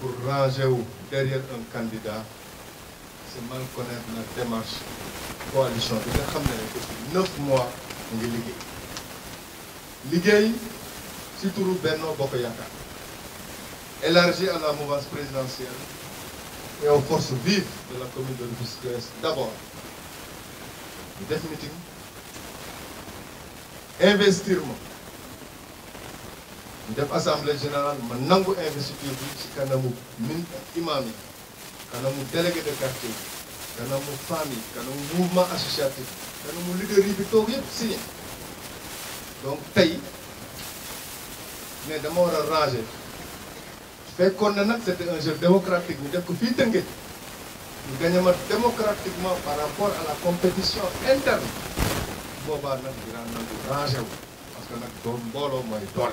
pour ranger derrière un candidat c'est mal connaître la démarche coalition bi neuf mois mu ligue, si tout le monde Benno Bokk élargi à la mouvance présidentielle et aux forces vives de la commune de Rufisque d'abord définitivement, investir def assemblée générale ma nangu investiture bi ci kanamu min imam yi kanamu délégué de quartier kanamu famille kanamu mouvement associatif kanamu leader yi bi toog yépp signé donc tey ne dama war a ranger fekkoon na nag c' était un jeu démocratique ñu def ko fii tënge ñu gagné ma démocratiquement par rapport à la compétition interne boobaa nag dinaa nangu ranger wu parce que nag doon mbooloo mooy doole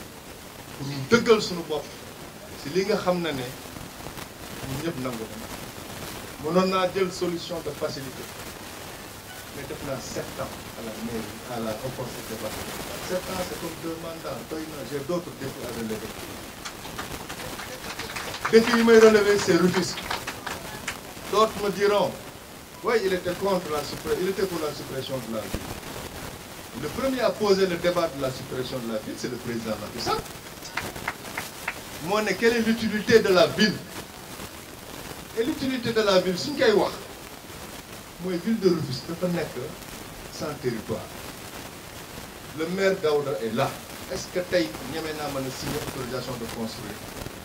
pour ñu sur si li nga xam ne ne de solution de facilité mais def naa sept ans à la mairie à la sept ans c'est comme deux mandats j'ai d'autres défis à relever défis qu'il m'a relevé, c'est refusé. d'autres me diront oui il était contre la il était pour la suppression de la ville le premier à poser le débat de la suppression de la ville c'est le président Matissa. Moi, ne quelle est l'utilité de la ville et l'utilité de la ville c'est koy wax mooy ville de Rufisque dafa nekk sans territoire le maire Daouda est là est-ce que tey ñeme naa mën a signer autorisation de construire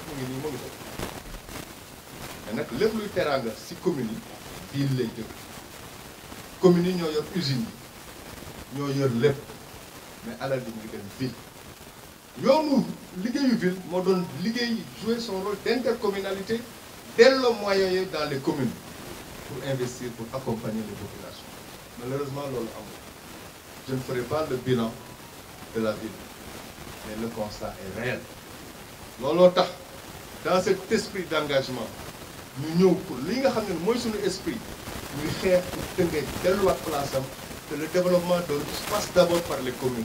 mu ngi nii mu ngi foofu mais nag lépp luy teraanga si commune ville lay jóg commune yi ñoo yor usine yi ñoo yor mais alal bi mu ngi dem ville l'idée liggéeyu ville jouer son rôle d'intercommunalité dès le moyen dans les communes pour investir pour accompagner les populations malheureusement je ne ferai pas le bilan de la ville mais le constat est réel dans cet esprit d'engagement nous sommes, pour li nga esprit nous pour que le développement de l'espace passe d'abord par les communes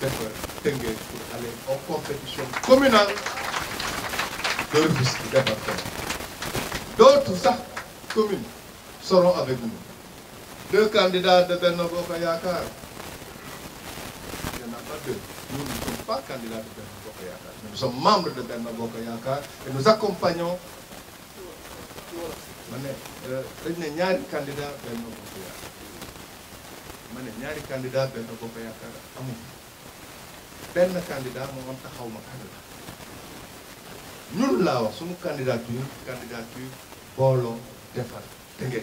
dafa Tengue pour aller en compétitions communale de Rufisque département d'autres ça, communes seront avec nous deux candidats de Benno Bokk il n'y en a pas deux nous ne sommes pas candidats de Benno Bokk nous sommes membres de Benno Bokk et nous accompagnons Je ne euh, ne ñaari candidat de Bokk Yaakaar Je ne ñaari candidat de Bokk Yaakaar ben candidat mo am taxaw ma candidat ñun la wax suñu candidature candidature defal defar dëgg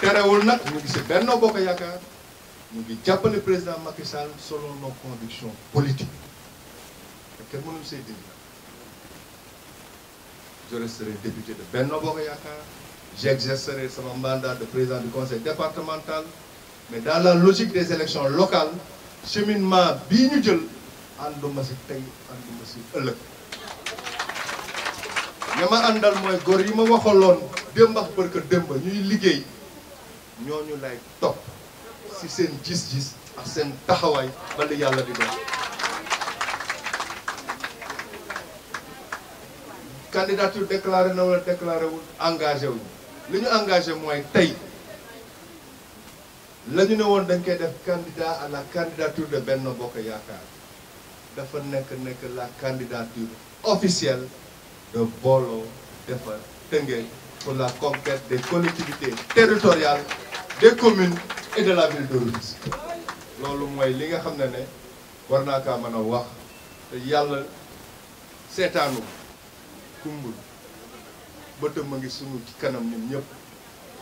terewul nak ñu ngi si Benno Bokk Yaakaar ñu ngi jappale président Macky Sall selon nos convictions politiques te kenn mënuñu see dindi je resterai député de Benno Bokayaka, j'exercerai sama mandat de président du conseil départemental mais dans la logique des élections locales cheminement bii ñu jël ànduma si tey ànduma si ëllëg ña ma àndal mooy yi ma waxaloon ak ñuy liggéey lay si seen gis-gis ak seen ba li di doon candidature déclaré na wala déclaré wul engagé wuñu li ñu engagé la ñu ne woon dañ koy def candidat à la candidature de Benno Bokk Yaakaar dafa nekk nekk la candidature officielle de Bolo Defar Tëngéej pour la conquête des collectivités territoriales des communes et de la ville de Rufisque loolu mooy li nga xam ne ne war naa kaa mën a wax te yàlla seetaanu kumbul bëtam a ngi ci kanam ñun ñëpp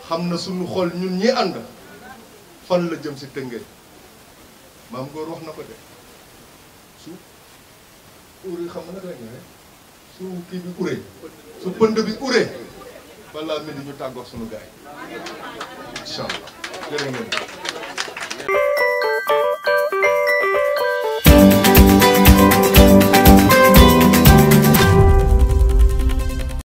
xam na suñu xol ñun ñi ànd xol la jëm si tëngéej maam góor wax na ko de su urée xam nga naka la ñëwee su kii bi urée su pënd bi urée balaa midi ñu tàggoog sunu gaay yi incha allah